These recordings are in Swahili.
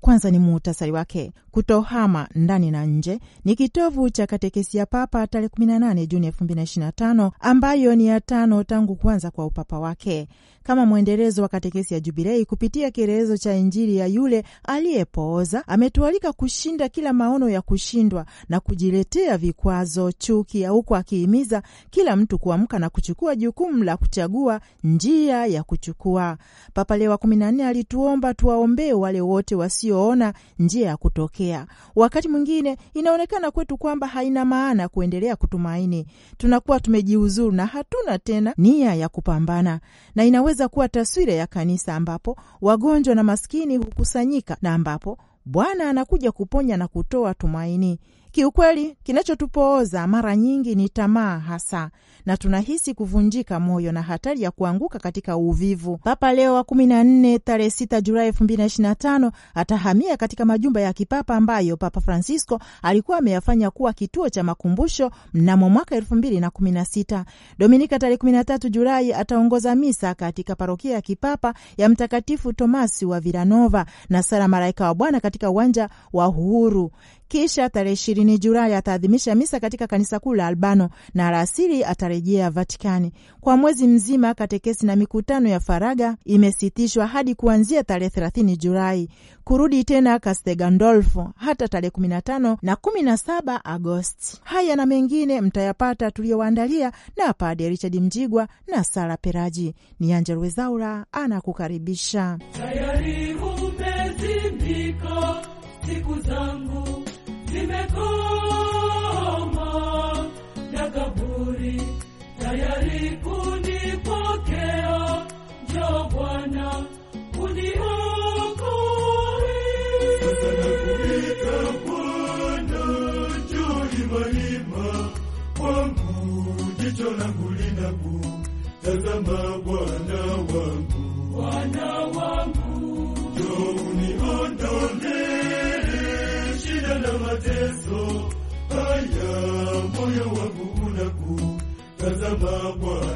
Kwanza ni muhtasari wake. Kutohama ndani na nje ni kitovu cha katekesi ya Papa tarehe 18 Juni 2025 ambayo ni ya tano tangu kuanza kwa upapa wake, kama mwendelezo wa katekesi ya Jubilei. Kupitia kielelezo cha Injili ya yule aliyepooza, ametualika kushinda kila maono ya kushindwa na kujiletea vikwazo, chuki, huku akihimiza kila mtu kuamka na kuchukua jukumu la kuchagua njia ya kuchukua. Papa Leo wa 14 alituomba tuwaombee wale wote wasio wasioona njia ya kutokea. Wakati mwingine inaonekana kwetu kwamba haina maana kuendelea kutumaini, tunakuwa tumejiuzuru na hatuna tena nia ya kupambana, na inaweza kuwa taswira ya kanisa ambapo wagonjwa na maskini hukusanyika na ambapo Bwana anakuja kuponya na kutoa tumaini. Kiukweli, kinachotupooza mara nyingi ni tamaa hasa, na tunahisi kuvunjika moyo na hatari ya kuanguka katika uvivu. Papa Leo wa kumi na nne tarehe sita Julai elfu mbili na na tano atahamia katika majumba ya kipapa ambayo Papa Francisco alikuwa ameyafanya kuwa kituo cha makumbusho mnamo mwaka elfu mbili na kumi na sita. Dominika tarehe kumi na tatu Julai ataongoza misa katika parokia ya kipapa ya Mtakatifu Tomasi wa Vilanova na sala Malaika wa Bwana katika uwanja wa Uhuru. Kisha tarehe ishirini Julai ataadhimisha misa katika kanisa kuu la Albano na alasiri atarejea Vatikani. Kwa mwezi mzima katekesi na mikutano ya faraga imesitishwa hadi kuanzia tarehe thelathini Julai, kurudi tena Castel Gandolfo hata tarehe kumi na tano na kumi na saba Agosti. Haya na mengine mtayapata tuliyowaandalia na Padre Richard Mjigwa na Sara Peraji. Ni Angella Rwezaura anakukaribisha. Tayari. tazama Bwana wangu, Bwana wangu, njoo uniondolee shida na mateso haya, moyo wangu unaku tazama Bwana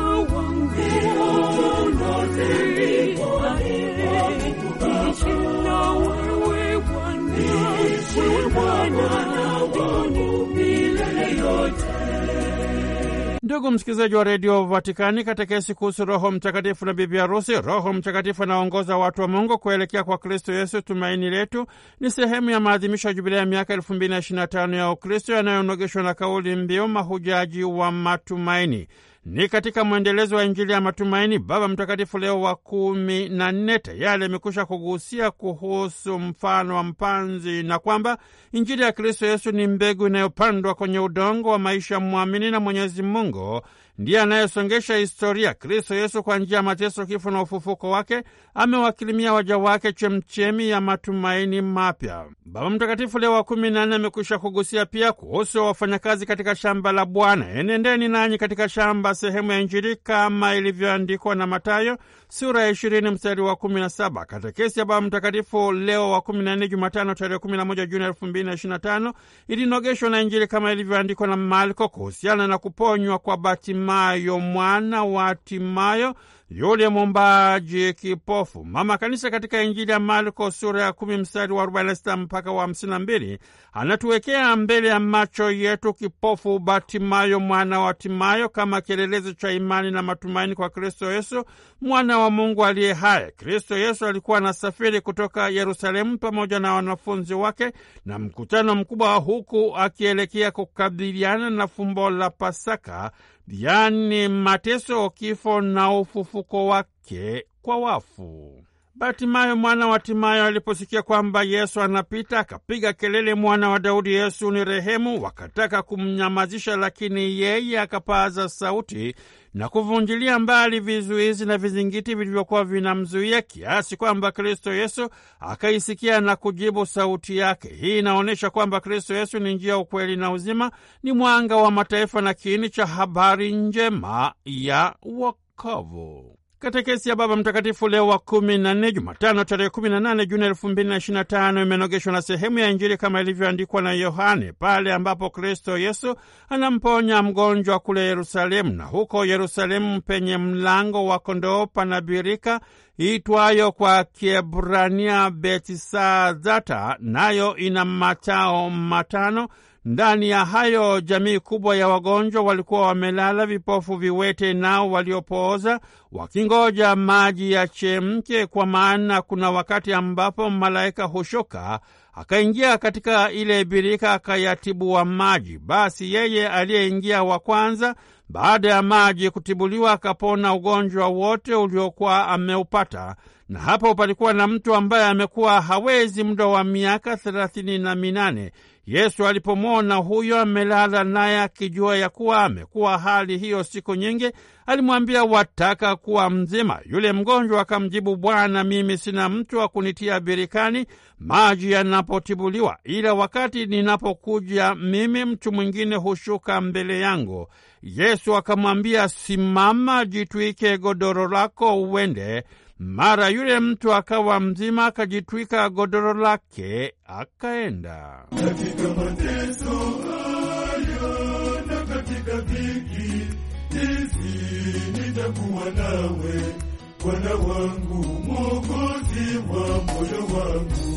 Ndugu msikilizaji wa redio Vatikani, katekesi kuhusu Roho Mtakatifu na bibi harusi. Roho Mtakatifu anaongoza watu wa Mungu kuelekea kwa Kristo Yesu tumaini letu, ni sehemu ya maadhimisho ya jubilia ya miaka elfu mbili na na tano ya Ukristo yanayonogeshwa na kauli mbiu mahujaji wa matumaini. Ni katika mwendelezo wa Injili ya matumaini, Baba Mtakatifu Leo wa kumi na nne tayari amekwisha kugusia kuhusu mfano wa mpanzi na kwamba Injili ya Kristo Yesu ni mbegu inayopandwa kwenye udongo wa maisha mwamini na Mwenyezi Mungu ndiye anayesongesha historia. Kristo Yesu, kwa njia ya mateso, kifo na ufufuko wake, amewakilimia waja wake chemchemi ya matumaini mapya. Baba Mtakatifu Leo wa kumi na nne amekwisha kugusia pia kuhusu wafanyakazi katika shamba la Bwana. Enendeni nanyi katika shamba, sehemu ya Injili kama ilivyoandikwa na Matayo sura ya ishirini mstari wa kumi na saba. Katekesi ya Baba Mtakatifu Leo wa kumi na nne, Jumatano tarehe kumi na moja Juni elfu mbili na ishirini na tano ilinogeshwa na Injili kama ilivyoandikwa na Marko kuhusiana na kuponywa kwa Bartimayo. Bartimayo mwana wa Timayo yule mumbaji kipofu. Mama Kanisa katika Injili ya Marko sura ya kumi mstari wa 46 mpaka wa 52 anatuwekea mbele ya macho yetu kipofu Batimayo mwana wa Timayo kama kielelezo cha imani na matumaini kwa Kristo Yesu mwana wa Mungu aliye hai. Kristo Yesu alikuwa anasafiri kutoka Yerusalemu pamoja na wanafunzi wake na mkutano mkubwa, huku akielekea kukabiliana na fumbo la Pasaka, yani mateso, kifo na ufufu mfuko wake kwa wafu. Batimayo mwana wa Timayo aliposikia kwamba Yesu anapita, akapiga kelele, mwana wa Daudi, Yesu ni rehemu. Wakataka kumnyamazisha, lakini yeye akapaza sauti na kuvunjilia mbali vizuizi na vizingiti vilivyokuwa vinamzuia, kiasi kwamba Kristo Yesu akaisikia na kujibu sauti yake. Hii inaonyesha kwamba Kristo Yesu ni njia, ukweli na uzima, ni mwanga wa mataifa na kiini cha habari njema ya wakati wokovu. Katekesi ya Baba Mtakatifu Leo wa kumi na nne, Jumatano tarehe kumi na nane Juni elfu mbili na ishirini na tano imenogeshwa na sehemu ya Injili kama ilivyoandikwa na Yohane, pale ambapo Kristo Yesu anamponya mgonjwa kule Yerusalemu, na huko Yerusalemu penye mlango wa kondoo pana birika itwayo kwa Kiebrania betisazata nayo ina matao matano ndani ya hayo jamii kubwa ya wagonjwa walikuwa wamelala vipofu, viwete, nao waliopooza, wakingoja maji yachemke, kwa maana kuna wakati ambapo malaika hushuka akaingia katika ile birika akayatibua maji. Basi yeye aliyeingia wa kwanza baada ya maji kutibuliwa akapona ugonjwa wote uliokuwa ameupata. Na hapo palikuwa na mtu ambaye amekuwa hawezi muda wa miaka thelathini na minane. Yesu alipomwona huyo amelala naye akijua ya kuwa amekuwa hali hiyo siku nyingi, alimwambia, wataka kuwa mzima? Yule mgonjwa akamjibu, Bwana, mimi sina mtu wa kunitia birikani maji yanapotibuliwa, ila wakati ninapokuja mimi, mtu mwingine hushuka mbele yangu. Yesu akamwambia, simama, jitwike godoro lako uende. Mara yule mtu akawa mzima, akajitwika godoro lake, akaenda. Katika mateso hayo na katika dhiki hizi, nitakuwa nawe, Bwana wangu, Mwokozi wa moyo wangu.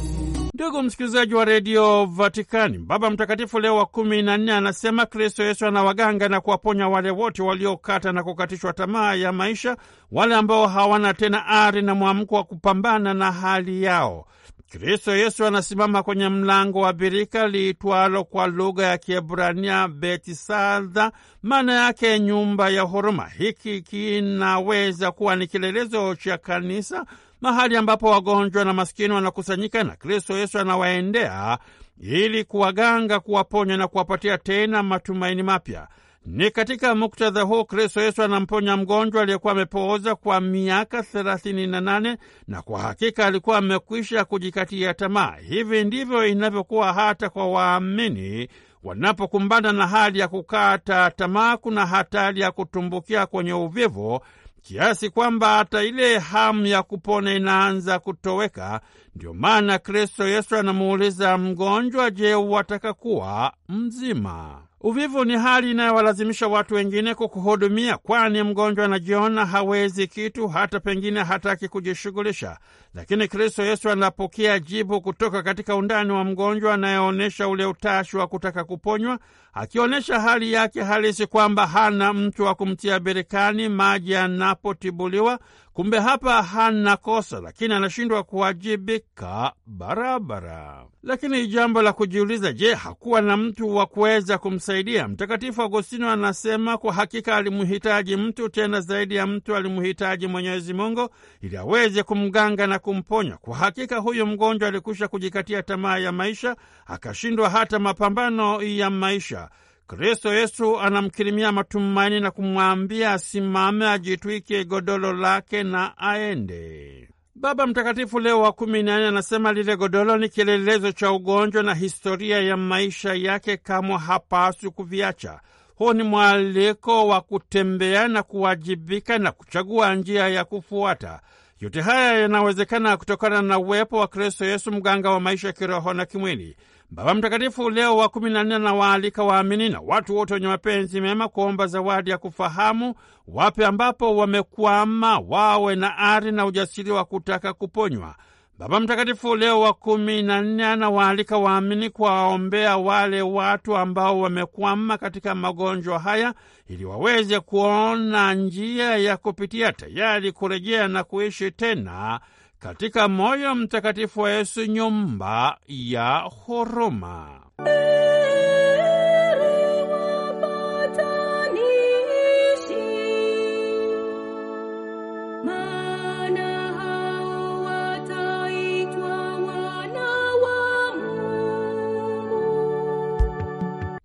Ndugu msikilizaji wa redio Vatikani, Baba Mtakatifu Leo wa kumi na nne anasema Kristo Yesu anawaganga na kuwaponya wale wote waliokata na kukatishwa tamaa ya maisha, wale ambao hawana tena ari na mwamko wa kupambana na hali yao. Kristo Yesu anasimama kwenye mlango wa birika liitwalo kwa lugha ya Kiebrania Betisadha, maana yake nyumba ya huruma. Hiki kinaweza kuwa ni kielelezo cha kanisa mahali ambapo wagonjwa na maskini wanakusanyika, na Kristo Yesu anawaendea ili kuwaganga, kuwaponya na kuwapatia tena matumaini mapya. Ni katika muktadha huu Kristo Yesu anamponya mgonjwa aliyekuwa amepooza kwa miaka thelathini na nane na kwa hakika alikuwa amekwisha kujikatia tamaa. Hivi ndivyo inavyokuwa hata kwa waamini wanapokumbana na hali ya kukata tamaa, kuna hatari ya kutumbukia kwenye uvivu kiasi kwamba hata ile hamu ya kupona inaanza kutoweka. Ndio maana Kristo Yesu anamuuliza mgonjwa, je, wataka kuwa mzima? Uvivu ni hali inayowalazimisha watu wengine kukuhudumia, kwani mgonjwa anajiona hawezi kitu, hata pengine hataki kujishughulisha. Lakini Kristo Yesu anapokea jibu kutoka katika undani wa mgonjwa anayeonyesha ule utashi wa kutaka kuponywa akionyesha hali yake halisi kwamba hana mtu wa kumtia berikani maji yanapotibuliwa. Kumbe hapa hana kosa, lakini anashindwa kuwajibika barabara. Lakini jambo la kujiuliza, je, hakuwa na mtu wa kuweza kumsaidia? Mtakatifu Agostino anasema kwa hakika alimhitaji mtu, tena zaidi ya mtu alimhitaji Mwenyezi Mungu ili aweze kumganga na kumponya. Kwa hakika huyu mgonjwa alikwisha kujikatia tamaa ya maisha, akashindwa hata mapambano ya maisha. Kristo Yesu anamkirimia matumaini na kumwambia asimame, ajitwike godolo lake na aende. Baba Mtakatifu Leo wa kumi na nne anasema lile godolo ni kielelezo cha ugonjwa na historia ya maisha yake, kamwe hapaswi kuviacha. Huu ni mwaliko wa kutembea na kuwajibika na kuchagua njia ya kufuata. Yote haya yanawezekana kutokana na uwepo wa Kristo Yesu, mganga wa maisha ya kiroho na kimwili. Baba Mtakatifu Leo wa kumi na nne anawaalika waamini na watu wote wenye mapenzi mema kuomba zawadi ya kufahamu wape ambapo wamekwama, wawe na ari na ujasiri wa kutaka kuponywa. Baba Mtakatifu Leo wa kumi na nne anawaalika waamini kuwaombea wale watu ambao wamekwama katika magonjwa haya ili waweze kuona njia ya kupitia, tayari kurejea na kuishi tena katika moyo mtakatifu wa Yesu, nyumba ya huruma.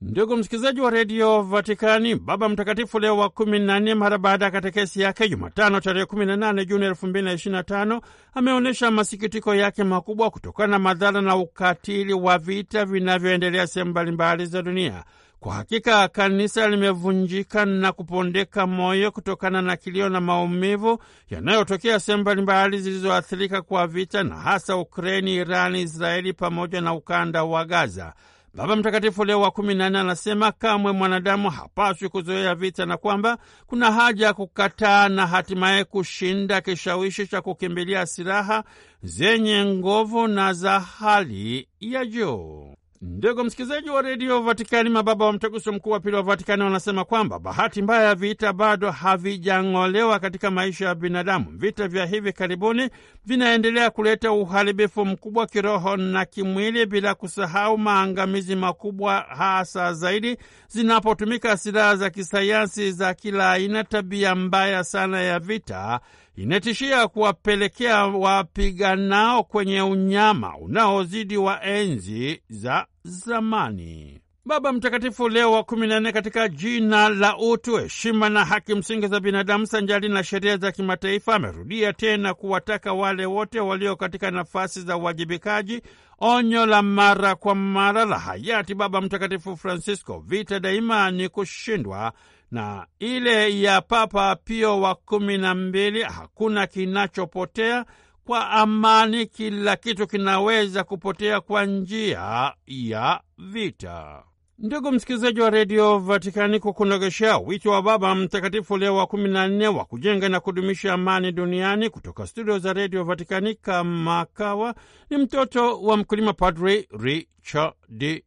Ndugu msikilizaji wa redio Vatikani, Baba Mtakatifu Leo wa kumi na nne mara baada ya katekesi yake Jumatano tarehe kumi na nane Juni elfu mbili na na tano ameonyesha masikitiko yake makubwa kutokana na madhara na ukatili wa vita vinavyoendelea sehemu mbalimbali za dunia. Kwa hakika kanisa limevunjika na kupondeka moyo kutokana na kilio na maumivu yanayotokea sehemu mbalimbali zilizoathirika kwa vita na hasa Ukraini, Irani, Israeli pamoja na ukanda wa Gaza. Baba Mtakatifu Leo wa kumi na nne anasema kamwe mwanadamu hapaswi kuzoea vita na kwamba kuna haja ya kukataa na hatimaye kushinda kishawishi cha kukimbilia silaha zenye nguvu na za hali ya juu. Ndugu msikilizaji wa redio Vatikani, mababa wa mtaguso mkuu wa pili wa Vatikani wanasema kwamba bahati mbaya ya vita bado havijang'olewa katika maisha ya binadamu. Vita vya hivi karibuni vinaendelea kuleta uharibifu mkubwa kiroho na kimwili, bila kusahau maangamizi makubwa, hasa zaidi zinapotumika silaha za kisayansi za kila aina, tabia mbaya sana ya vita inatishia kuwapelekea wapiganao kwenye unyama unaozidi wa enzi za zamani. Baba Mtakatifu Leo wa kumi na nne, katika jina la utu, heshima na haki msingi za binadamu sanjali na sheria za kimataifa, amerudia tena kuwataka wale wote walio katika nafasi za uwajibikaji onyo la mara kwa mara la hayati Baba Mtakatifu Francisco, vita daima ni kushindwa na ile ya Papa Pio wa kumi na mbili, hakuna kinachopotea. Kwa amani kila kitu kinaweza kupotea kwa njia ya vita. Ndugu msikilizaji wa redio Vatikani, kukunogeshea wito wa Baba Mtakatifu Leo wa kumi na nne wa kujenga na kudumisha amani duniani, kutoka studio za redio Vatikani kamakawa ni mtoto wa mkulima, Padri Richard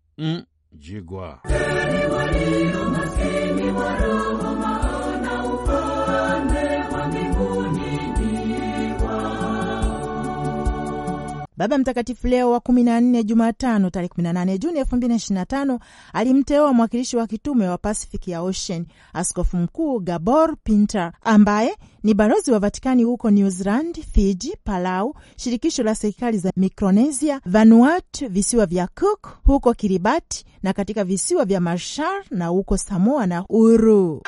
Mjigwa. Guru. Baba Mtakatifu Leo wa 14 Jumatano tarehe 18 Juni 2025 alimteua mwakilishi wa kitume wa Pacific ya Ocean Askofu Mkuu Gabor Pinter ambaye ni balozi wa Vatikani huko New Zealand, Fiji, Palau, shirikisho la serikali za Micronesia, Vanuatu, visiwa vya Cook, huko Kiribati na katika visiwa vya Marshall na huko Samoa na Uru.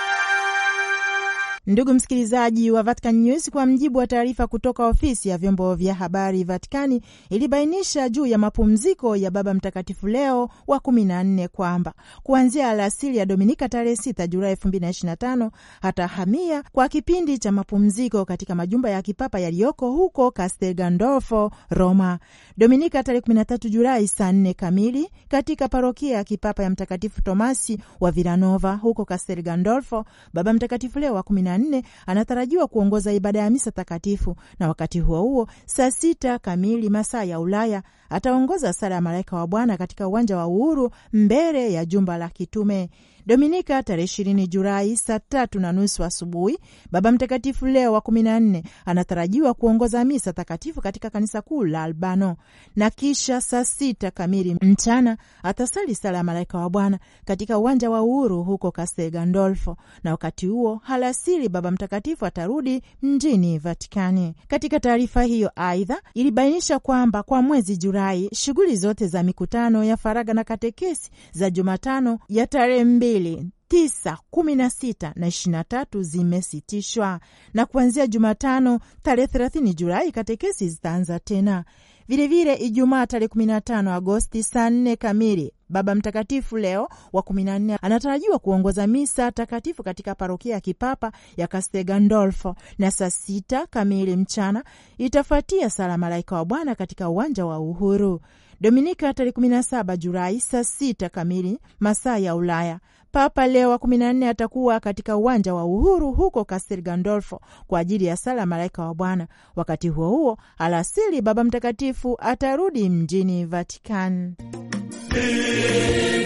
Ndugu msikilizaji wa Vatican News, kwa mjibu wa taarifa kutoka ofisi ya vyombo vya habari vaticani ilibainisha juu ya mapumziko ya Baba Mtakatifu Leo wa 14 kwamba kuanzia alasiri ya Dominika tarehe 6 Julai 2025 hatahamia kwa kipindi cha mapumziko katika majumba ya kipapa yaliyoko huko Castel Gandolfo, Roma. Dominika tarehe 13 Julai saa 4 kamili katika parokia ya kipapa ya Mtakatifu Tomasi wa Vilanova huko Castel Gandolfo, Baba Mtakatifu Leo wa na anatarajiwa kuongoza ibada ya misa takatifu, na wakati huo huo saa sita kamili masaa ya Ulaya ataongoza sala ya malaika wa Bwana katika uwanja wa Uhuru mbele ya jumba la kitume. Dominika tarehe ishirini Julai saa tatu na nusu asubuhi. Baba Mtakatifu Leo wa kumi na nne anatarajiwa kuongoza misa takatifu katika kanisa kuu la Albano, na kisha saa sita kamili mchana atasali sala ya malaika wa Bwana katika uwanja wa Uhuru huko Castel Gandolfo, na wakati huo halasili Baba Mtakatifu atarudi mjini Vatikani. Katika taarifa hiyo, aidha ilibainisha kwamba kwa mwezi Julai shughuli zote za mikutano ya faraga na katekesi za Jumatano ya tarehe mbili mbili tisa kumi na sita na ishirini na tatu zimesitishwa na kuanzia Jumatano tarehe thelathini Julai katekesi zitaanza tena vilevile Ijumaa tarehe kumi na tano Agosti saa nne kamili. Baba Mtakatifu Leo wa kumi na nne anatarajiwa kuongoza misa takatifu katika parokia ya kipapa ya Castel Gandolfo, na saa sita kamili mchana itafuatia sala Malaika wa Bwana katika uwanja wa Uhuru. Dominika tarehe kumi na saba Julai saa sita kamili masaa ya Ulaya, Papa Leo wa kumi na nne atakuwa katika uwanja wa Uhuru huko Castel Gandolfo kwa ajili ya sala malaika wa Bwana. Wakati huo huo, alasiri Baba Mtakatifu atarudi mjini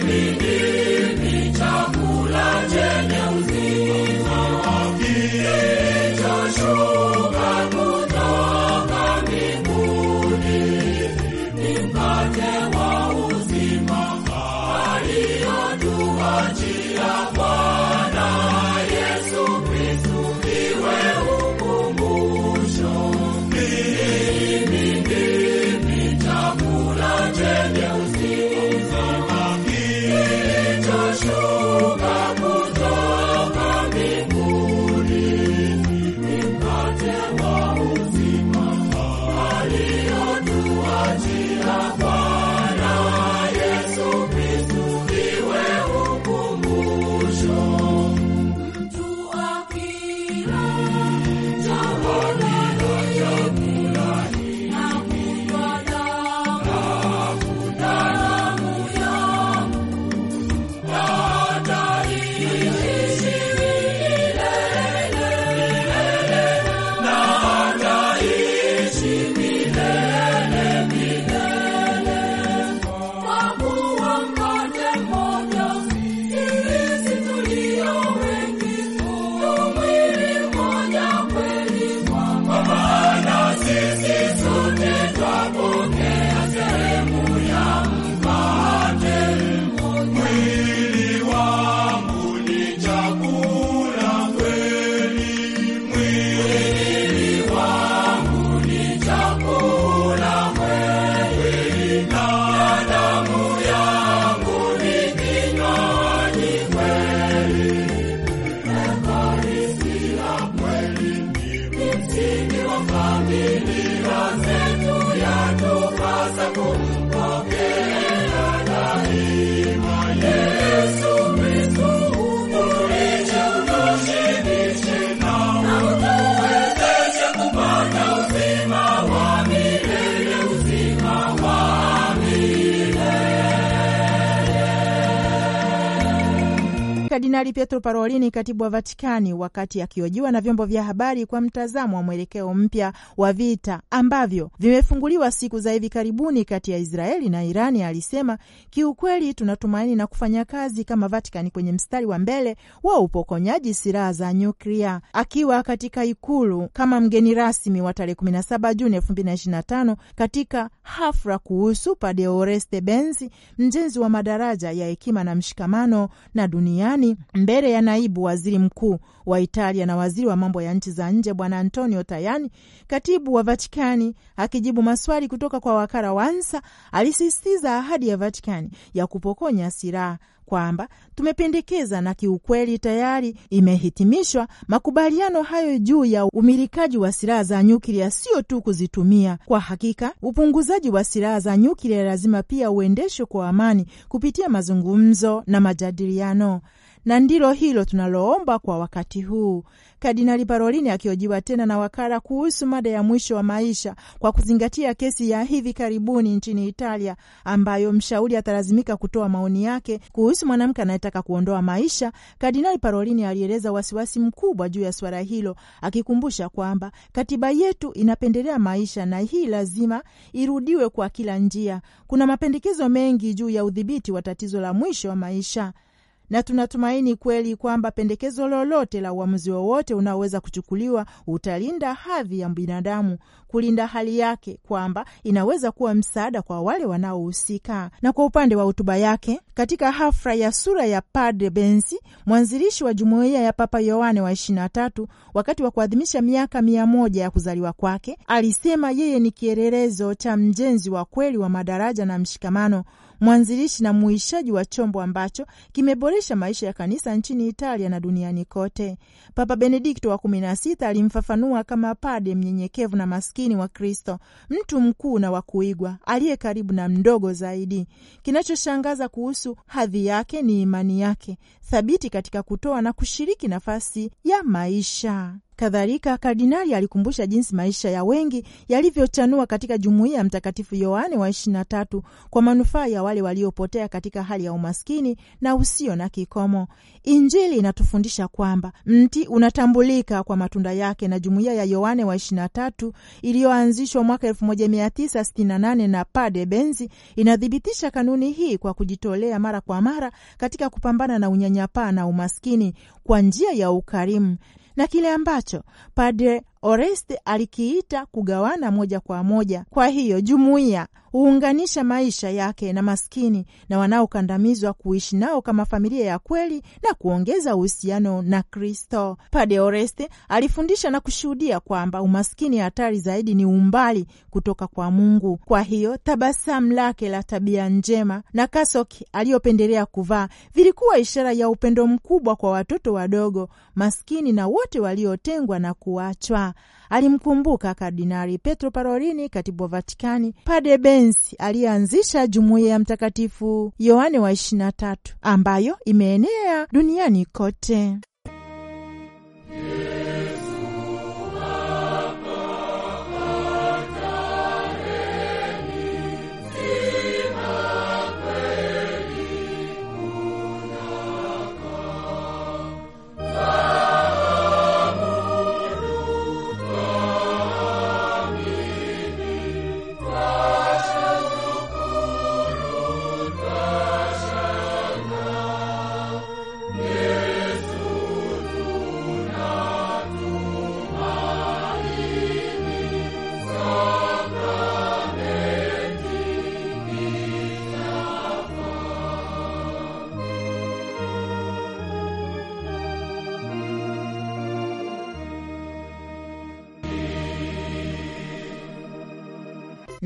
mimi, Kardinali Pietro Parolini, katibu wa Vatikani, wakati akiojiwa na vyombo vya habari kwa mtazamo wa mwelekeo mpya wa vita ambavyo vimefunguliwa siku za hivi karibuni kati ya Israeli na Irani, alisema kiukweli, tunatumaini na kufanya kazi kama Vatikani kwenye mstari wa mbele wa upokonyaji silaha za nyuklia. Akiwa katika Ikulu kama mgeni rasmi wa tarehe 17 Juni 2025 katika hafla kuhusu Padre Oreste Benzi, mjenzi wa madaraja ya hekima na mshikamano na duniani rasmi mbele ya naibu waziri mkuu wa Italia na waziri wa mambo ya nchi za nje Bwana Antonio Tajani, katibu wa Vatikani akijibu maswali kutoka kwa wakala wa ANSA alisisitiza ahadi ya Vatikani ya kupokonya silaha kwamba tumependekeza na kiukweli tayari imehitimishwa makubaliano hayo juu ya umilikaji wa silaha za nyuklia, sio tu kuzitumia. Kwa hakika, upunguzaji wa silaha za nyuklia lazima pia uendeshwe kwa amani kupitia mazungumzo na majadiliano na ndilo hilo tunaloomba kwa wakati huu. Kardinali Parolini akiojiwa tena na wakala kuhusu mada ya mwisho wa maisha, kwa kuzingatia kesi ya hivi karibuni nchini Italia ambayo mshauri atalazimika kutoa maoni yake kuhusu mwanamke anayetaka kuondoa maisha, Kardinali Parolini alieleza wasiwasi mkubwa juu ya suala hilo, akikumbusha kwamba katiba yetu inapendelea maisha na hii lazima irudiwe kwa kila njia. Kuna mapendekezo mengi juu ya udhibiti wa tatizo la mwisho wa maisha na tunatumaini kweli kwamba pendekezo lolote la uamuzi wowote unaoweza kuchukuliwa utalinda hadhi ya binadamu, kulinda hali yake, kwamba inaweza kuwa msaada kwa wale wanaohusika. Na kwa upande wa hotuba yake katika hafla ya sura ya Padre Bensi, mwanzilishi wa jumuiya ya Papa Yohane wa 23 wakati wa kuadhimisha miaka mia moja ya kuzaliwa kwake, alisema yeye ni kielelezo cha mjenzi wa kweli wa madaraja na mshikamano mwanzilishi na muishaji wa chombo ambacho kimeboresha maisha ya kanisa nchini Italia na duniani kote. Papa Benedikto wa kumi na sita alimfafanua kama pade mnyenyekevu na maskini wa Kristo, mtu mkuu na wa kuigwa, aliye karibu na mdogo zaidi. Kinachoshangaza kuhusu hadhi yake ni imani yake thabiti katika kutoa na kushiriki nafasi ya maisha. Kadhalika, kardinali alikumbusha jinsi maisha ya wengi yalivyochanua katika jumuiya ya Mtakatifu Yohane wa 23 na tatu kwa manufaa ya wale waliopotea katika hali ya umaskini na usio na kikomo. Injili inatufundisha kwamba mti unatambulika kwa matunda yake, na jumuiya ya Yohane wa 23 na tatu iliyoanzishwa mwaka elfu moja mia tisa sitini na nane na Pade Benzi inathibitisha kanuni hii kwa kujitolea mara kwa mara katika kupambana na unyanyapaa na umaskini kwa njia ya ukarimu na kile ambacho Padre Oreste alikiita kugawana moja kwa moja. Kwa hiyo jumuiya huunganisha maisha yake na maskini na wanaokandamizwa kuishi nao kama familia ya kweli na kuongeza uhusiano na Kristo. Pade Oreste alifundisha na kushuhudia kwamba umaskini hatari zaidi ni umbali kutoka kwa Mungu. Kwa hiyo tabasamu lake la tabia njema na kasoki aliyopendelea kuvaa vilikuwa ishara ya upendo mkubwa kwa watoto wadogo, maskini na wote waliotengwa na kuachwa alimkumbuka Kardinali Petro Parolini, katibu wa Vatikani, Pade Bensi aliyeanzisha jumuiya ya Mtakatifu Yohane wa 23 ambayo imeenea duniani kote.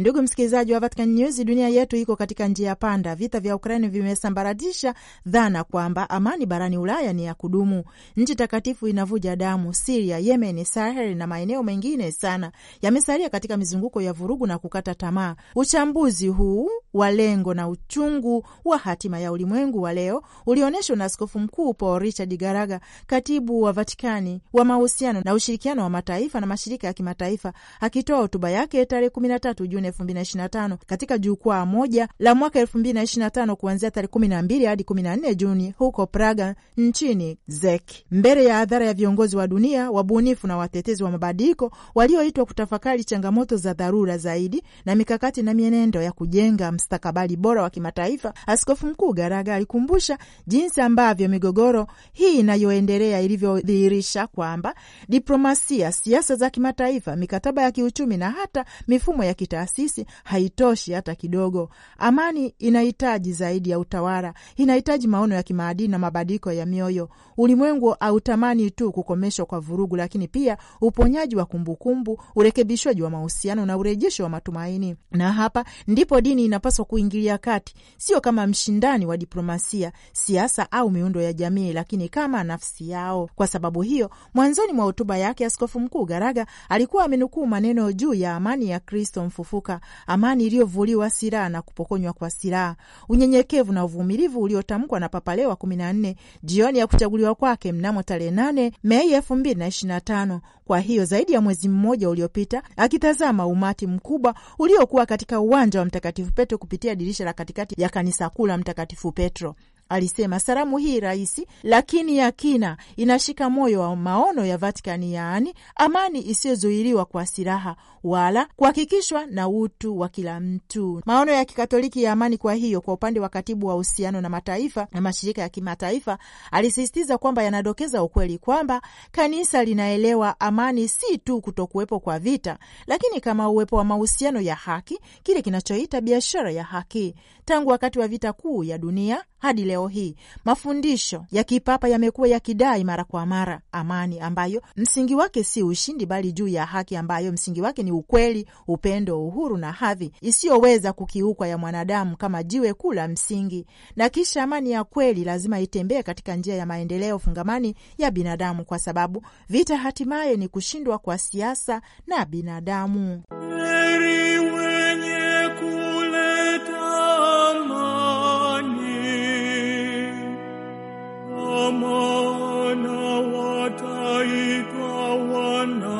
Ndugu msikilizaji wa Vatican News, dunia yetu iko katika njia ya panda. Vita vya Ukraini vimesambaratisha dhana kwamba amani barani Ulaya ni ya kudumu. Nchi takatifu inavuja damu. Siria, Yemen, Sahel na maeneo mengine sana yamesalia katika mizunguko ya vurugu na kukata tamaa. Uchambuzi huu wa lengo na uchungu wa hatima ya ulimwengu wa leo ulionyeshwa na Askofu Mkuu Paul Richard Garaga, katibu wa Vatikani wa mahusiano na ushirikiano wa mataifa na mashirika ya kimataifa, akitoa hotuba yake tarehe 13 Juni elfu mbili na ishirini na tano katika jukwaa moja la mwaka elfu mbili na ishirini na tano kuanzia tarehe kumi na mbili hadi kumi na nne Juni huko Praga nchini Czech, mbele ya hadhara ya viongozi wa dunia, wabunifu na watetezi wa mabadiliko walioitwa kutafakari changamoto za dharura zaidi na mikakati na mienendo ya kujenga mstakabali bora wa kimataifa. Askofu Mkuu Garaga alikumbusha jinsi ambavyo migogoro hii inayoendelea ilivyodhihirisha kwamba diplomasia, siasa za kimataifa, mikataba ya kiuchumi na hata mifumo ya kitaasisi sisi haitoshi hata kidogo. Amani inahitaji zaidi ya utawala, inahitaji maono ya kimaadili na mabadiliko ya mioyo. Ulimwengu hautamani tu kukomeshwa kwa vurugu, lakini pia uponyaji wa kumbukumbu, urekebishwaji wa mahusiano na urejesho wa matumaini. Na hapa ndipo dini inapaswa kuingilia kati, sio kama mshindani wa diplomasia, siasa au miundo ya jamii, lakini kama nafsi yao. Kwa sababu hiyo, mwanzoni mwa hotuba yake, Askofu Mkuu Garaga alikuwa amenukuu maneno juu ya amani ya Kristo mfufuka kukumbuka amani iliyovuliwa silaha na kupokonywa kwa silaha, unyenyekevu na uvumilivu uliotamkwa na Papa Leo wa kumi na nne jioni ya kuchaguliwa kwake mnamo tarehe nane Mei elfu mbili na na tano kwa hiyo zaidi ya mwezi mmoja uliopita, akitazama umati mkubwa uliokuwa katika uwanja wa Mtakatifu Petro kupitia dirisha la katikati ya kanisa kuu la Mtakatifu Petro. Alisema salamu hii rahisi lakini ya kina inashika moyo wa maono ya Vatikani, yaani amani isiyozuiliwa kwa silaha wala kuhakikishwa na utu wa kila mtu, maono ya kikatoliki ya amani. Kwa hiyo, kwa upande wa katibu wa uhusiano na mataifa na mashirika ya kimataifa, alisisitiza kwamba yanadokeza ukweli kwamba kanisa linaelewa amani si tu kutokuwepo kwa vita, lakini kama uwepo wa mahusiano ya haki, kile kinachoita biashara ya haki. Tangu wakati wa vita kuu ya dunia hadi leo hii. Mafundisho ya kipapa yamekuwa yakidai mara kwa mara amani ambayo msingi wake si ushindi, bali juu ya haki ambayo msingi wake ni ukweli, upendo, uhuru na hadhi isiyoweza kukiukwa ya mwanadamu kama jiwe kuu la msingi. Na kisha amani ya kweli lazima itembee katika njia ya maendeleo fungamani ya binadamu, kwa sababu vita hatimaye ni kushindwa kwa siasa na binadamu. Pawana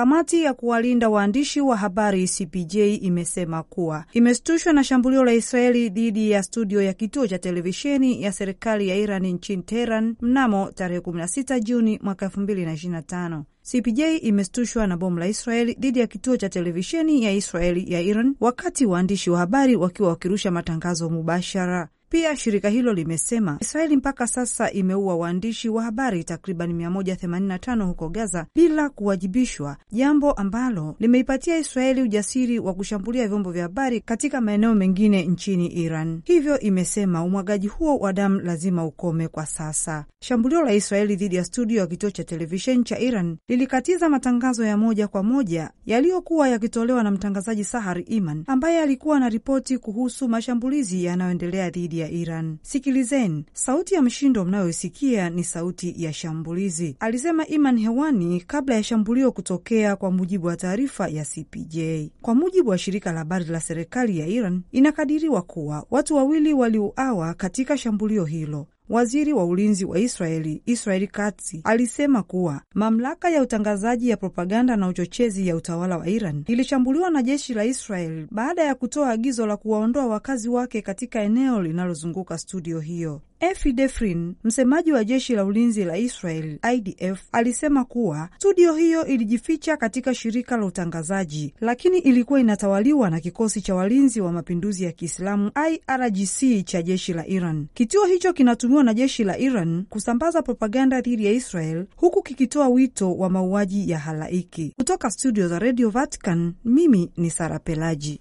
Kamati ya kuwalinda waandishi wa habari CPJ imesema kuwa imeshtushwa na shambulio la Israeli dhidi ya studio ya kituo cha televisheni ya serikali ya Iran nchini Teheran mnamo tarehe 16 Juni mwaka 2025. CPJ imeshtushwa na bomu la Israeli dhidi ya kituo cha televisheni ya Israeli ya Iran wakati waandishi wa habari wakiwa wakirusha matangazo mubashara. Pia shirika hilo limesema Israeli mpaka sasa imeua waandishi wa habari takriban 185 huko Gaza bila kuwajibishwa, jambo ambalo limeipatia Israeli ujasiri wa kushambulia vyombo vya habari katika maeneo mengine nchini Iran. Hivyo imesema umwagaji huo wa damu lazima ukome kwa sasa. Shambulio la Israeli dhidi ya studio ya kituo cha televisheni cha Iran lilikatiza matangazo ya moja kwa moja yaliyokuwa yakitolewa na mtangazaji Sahar Iman ambaye alikuwa na ripoti kuhusu mashambulizi yanayoendelea dhidi ya Iran. Sikilizeni sauti ya mshindo mnayoisikia ni sauti ya shambulizi, alisema Iman Hewani kabla ya shambulio kutokea, kwa mujibu wa taarifa ya CPJ. Kwa mujibu wa shirika la habari la serikali ya Iran, inakadiriwa kuwa watu wawili waliuawa katika shambulio hilo. Waziri wa ulinzi wa Israeli israeli Katz alisema kuwa mamlaka ya utangazaji ya propaganda na uchochezi ya utawala wa Iran ilishambuliwa na jeshi la Israel baada ya kutoa agizo la kuwaondoa wakazi wake katika eneo linalozunguka studio hiyo. Efi Defrin, msemaji wa jeshi la ulinzi la Israel IDF, alisema kuwa studio hiyo ilijificha katika shirika la utangazaji, lakini ilikuwa inatawaliwa na kikosi cha walinzi wa mapinduzi ya Kiislamu IRGC cha jeshi la Iran. Kituo hicho kinatumiwa na jeshi la Iran kusambaza propaganda dhidi ya Israel, huku kikitoa wito wa mauaji ya halaiki. Kutoka studio za Radio Vatican, mimi ni Sara Pelaji.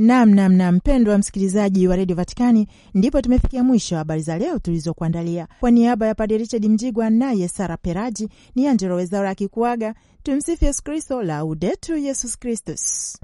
Namnamna mpendwa msikilizaji wa redio Vatikani, ndipo tumefikia mwisho wa habari za leo tulizokuandalia. Kwa, kwa niaba ya Padre Richard Mjigwa naye Sara Peraji ni Angelo Wezaura akikuaga. Tumsifu Yesu Kristo, laudetu Yesus Kristus.